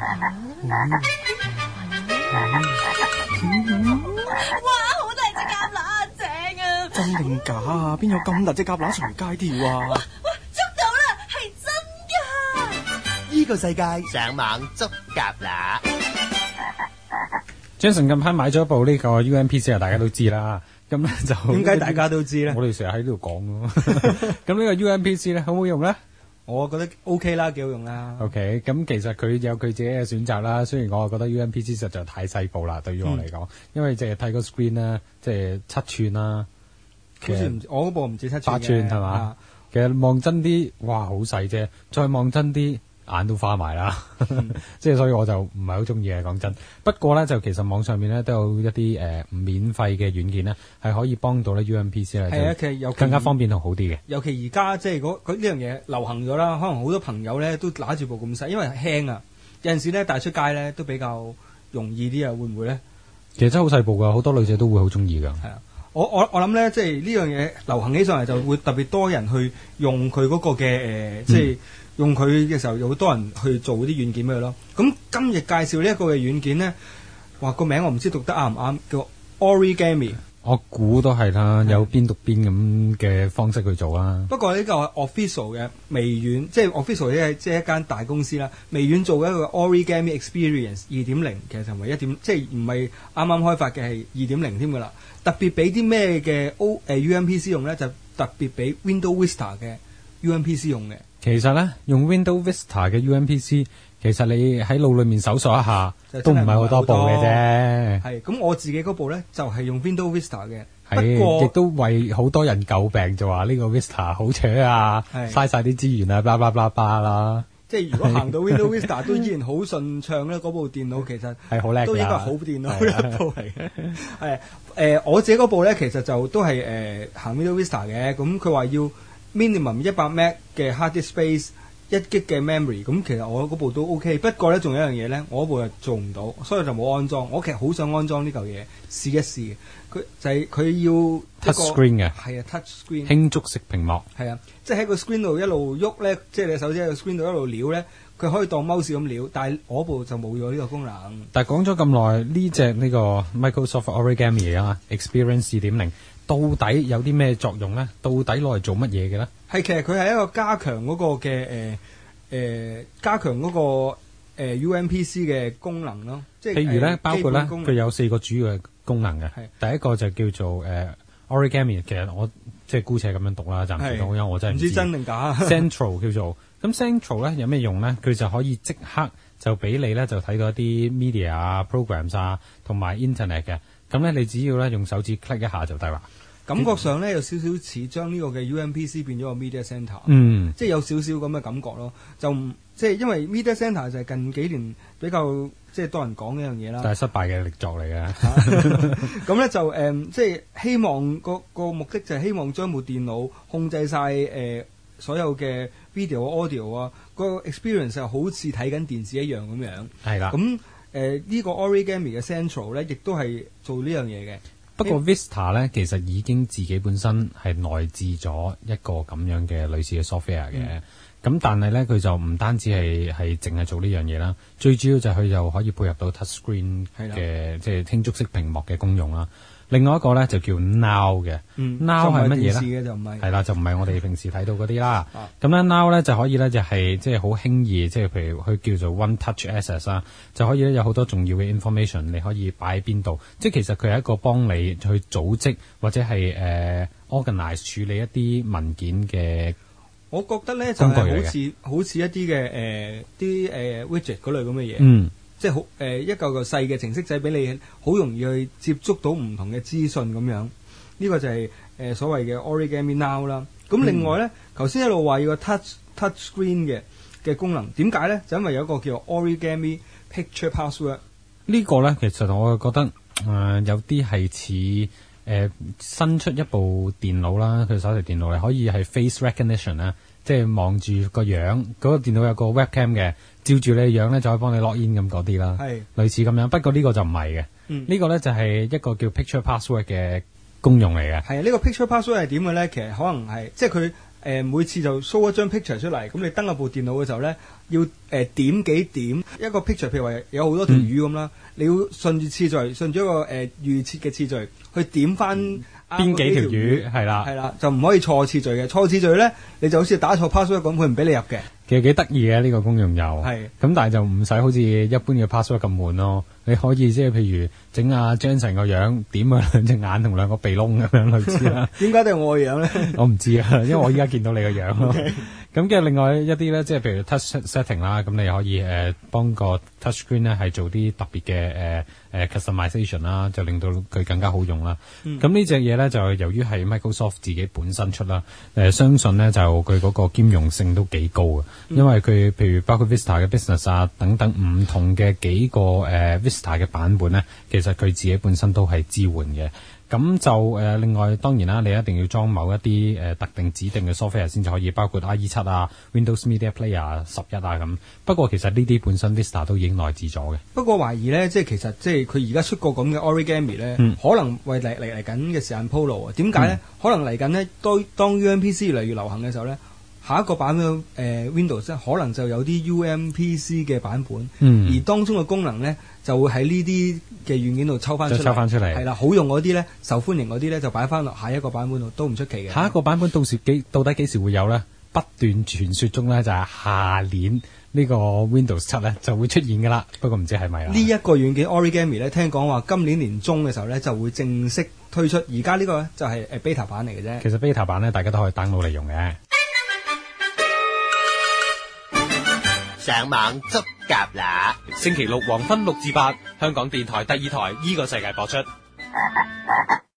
哇，好大隻蛤乸，正啊！真定假啊？邊有咁大隻蛤乸隨街跳啊？喂，捉到啦，係真噶！呢個世界上網捉蛤乸。Jason 近排買咗一部呢個 UMPC，大家都知啦。咁咧就點解大家都知咧？我哋成日喺呢度講咯。咁呢個 UMPC 咧，好唔好用咧？我覺得 OK 啦，幾好用啦。OK，咁其實佢有佢自己嘅選擇啦。雖然我覺得 UMPC 實在太細部啦，對於我嚟講，嗯、因為淨係睇個 screen 啦，即係七寸啦。吋吋啊、其實我嗰部唔止七寸，八寸係嘛？其實望真啲，哇，好細啫！再望真啲。眼都花埋啦，即係、嗯、 所以我就唔係好中意啊！講真，不過咧，就其實網上面咧，都有一啲誒、呃、免費嘅軟件咧，係可以幫到咧 U M P C 嚟。係啊、嗯，其實有更加方便同好啲嘅、嗯。尤其而家即係佢呢樣嘢流行咗啦，可能好多朋友咧，都拿住部咁細，因為輕啊。有陣時咧帶出街咧都比較容易啲啊！會唔會咧？其實真係好細部噶，好多女仔都會好中意噶。係啊，我我我諗咧，即係呢樣嘢流行起上嚟，就會特別多人去用佢嗰個嘅誒，即係、嗯。用佢嘅時候有好多人去做啲軟件俾佢咯。咁今日介紹呢一個嘅軟件呢，哇個名我唔知讀得啱唔啱叫 Origami。我估都係啦，的有邊讀邊咁嘅方式去做啦、啊。不過呢個 official 嘅微軟，即係 official 即係一間大公司啦。微軟做一個 Origami Experience 二點零，其實同埋一點，即係唔係啱啱開發嘅係二點零添嘅啦。特別俾啲咩嘅 O、呃、UMPC 用呢，就係、特別俾 Windows Vista 嘅。UMPC 用嘅，其實咧用 Windows Vista 嘅 UMPC，其實你喺腦裏面搜索一下，都唔係好多部嘅啫。係、嗯、咁，我自己嗰部咧就係、是、用 Windows Vista 嘅，不過亦都為好多人詬病，就話呢個 Vista 好扯啊，嘥晒啲資源啊，blah b bla bla 啦。即係如果行到 Windows Vista 都依然好順暢咧，嗰部電腦其實係好都應該好電腦 對、啊、一部係誒、 呃，我自己嗰部咧其實就都係誒行 Windows Vista 嘅，咁佢話要。 Minimum 一百 meg 嘅 hard disk space，一 gig 嘅 memory，咁其實我嗰部都 OK，不過咧仲有一樣嘢咧，我嗰部又做唔到，所以就冇安裝。我其實好想安裝呢嚿嘢，試一試嘅。佢就係、是、佢要 touch screen 嘅，係啊 touch screen，輕觸式屏幕。係啊，即係喺個 screen 度一路喐咧，即係你手指喺個 screen 度一路撩咧，佢可以當 mouse 咁撩。但係我嗰部就冇咗呢個功能。但係講咗咁耐，呢隻呢、這個 Microsoft Origami 啊，Experience 二點零。到底有啲咩作用咧？到底攞嚟做乜嘢嘅咧？係其實佢係一個加強嗰個嘅誒誒，加強嗰、嗰個誒、呃、UMPC 嘅功能咯。即係譬如咧，呃、包括咧，佢有四個主要嘅功能嘅。係是第一個就叫做誒、呃、Origami，其實我即係姑且咁樣讀啦，就唔講，是因為我真係唔知，知真定假。Central 叫做咁 Central 咧，有咩用咧？佢就可以即刻就俾你咧，就睇到啲 media 啊、programs 啊，同埋 internet 嘅。咁咧，你只要咧用手指 click 一下就得啦。感覺上咧有少少似將呢個嘅 UMPC 變咗個 media center，嗯，即係有少少咁嘅感覺咯。就即係因為 media center 就係近幾年比較即係多人講呢樣嘢啦。但係失敗嘅力作嚟嘅。咁咧 就誒、嗯，即係希望個,個目的就係希望將部電腦控制晒誒、呃、所有嘅 video 啊、audio 啊，個 experience 就好似睇緊電視一樣咁樣。係啦的。咁。誒、呃這個、呢個 Origami 嘅 Central 咧，亦都係做呢樣嘢嘅。不過 Vista 咧，其實已經自己本身係內置咗一個咁樣嘅類似嘅 software 嘅。咁但係咧，佢就唔單止係係淨係做呢樣嘢啦。最主要就係佢又可以配合到 TouchScreen 嘅即係輕觸的式屏幕嘅功用啦。另外一個咧就叫 Now 嘅、嗯、，Now 係乜嘢咧？就唔係。係啦，就唔係我哋平時睇到嗰啲啦。咁咧、啊、，Now 咧就可以咧就係即係好輕易，即係譬如去叫做 One Touch Access 啊，就可以咧、就是就是就是、有好多重要嘅 information 你可以擺喺邊度。即係其實佢係一個幫你去組織或者係誒、uh, organize 處理一啲文件嘅。我覺得咧就係、是、好似好似一啲嘅誒啲誒 widget 嗰類咁嘅嘢。嗯即係好誒一嚿嚿細嘅程式仔俾你，好容易去接觸到唔同嘅資訊咁樣。呢、這個就係、是、誒、呃、所謂嘅 Origami Now 啦。咁另外呢，頭先、嗯、一路話要個 Touch Touch Screen 嘅嘅功能，點解呢？就因為有一個叫 Origami Picture Password。呢個呢，其實我覺得誒、呃、有啲係似誒新出一部電腦啦，佢手提電腦嚟，可以係 Face Recognition 啦。即係望住個樣，嗰個電腦有個 webcam 嘅，照住你嘅樣咧，就可以幫你 log in 咁嗰啲啦。係是類似咁樣，不過呢個就唔係嘅。呢、嗯、個咧就係一個叫 picture password 嘅功用嚟嘅。係啊，這個、呢個 picture password 係點嘅咧？其實可能係即係佢誒，每次就 show 一張 picture 出嚟，咁你登嗰部電腦嘅時候咧，要誒、呃、點幾點一個 picture，譬如話有好多條魚咁啦，嗯，你要順住次序，順住一個誒、呃、預設嘅次序去點翻。嗯邊幾條魚係啦，係啦，就唔可以錯次序嘅。錯次序咧， 你就好似打錯 password 咁，佢唔俾你入嘅。其實幾得意嘅，呢個公的用油，係咁，但係就唔使好似一般嘅 password 咁悶咯。你可以即係譬如整下 Jenson 個樣，點佢兩隻眼同兩個鼻窿咁樣類似啦。點解 都係我個樣咧？ 我唔知啊，因為我依家見到你個樣。 Okay. 咁嘅另外一啲咧，即係譬如 touch setting 啦，咁你可以誒、呃、幫個 touch screen 呢，係做啲特別嘅誒誒 customization 啦，呃呃、就令到佢更加好用啦。咁、嗯、呢隻嘢咧，就由於係 Microsoft 自己本身出啦，誒、呃、相信呢就佢嗰個兼容性都幾高嘅，因為佢譬如包括 Vista 嘅 business 啊等等唔同嘅幾個誒、呃、Vista 嘅版本呢，其實佢自己本身都係支援嘅。咁就誒、呃，另外當然啦，你一定要裝某一啲誒、呃、特定指定嘅 software 先至可以，包括 IE 七啊、Windows Media Player 十一啊咁。不過其實呢啲本身 Vista 都已經內置咗嘅。不過懷疑呢，即係其實即係佢而家出過咁嘅 Origami 咧，嗯、可能為嚟嚟嚟緊嘅時間鋪路啊？點解呢？嗯、可能嚟緊呢，當當 UMPC 越嚟越流行嘅時候咧。下一個版本誒、呃、Windows 可能就有啲 UMPC 嘅版本，嗯、而當中嘅功能呢，就會喺呢啲嘅軟件度抽翻出嚟。係啦，好用嗰啲呢，受歡迎嗰啲呢，就擺翻落下一個版本度都唔出奇嘅。下一個版本到時幾到底幾時會有呢？不斷傳説中呢，就係、是、下年呢、這個 Windows 七呢就會出現㗎啦。不過唔知係咪啦。呢一個軟件 Origami 呢，Origami，聽講話今年年中嘅時候呢，就會正式推出。而家呢個就係、是、誒 beta 版嚟嘅啫。其實 beta 版呢，大家都可以 download 嚟用嘅。上網捉蛤乸！星期六黃昏六至八，香港電台第二台《依個世界》播出。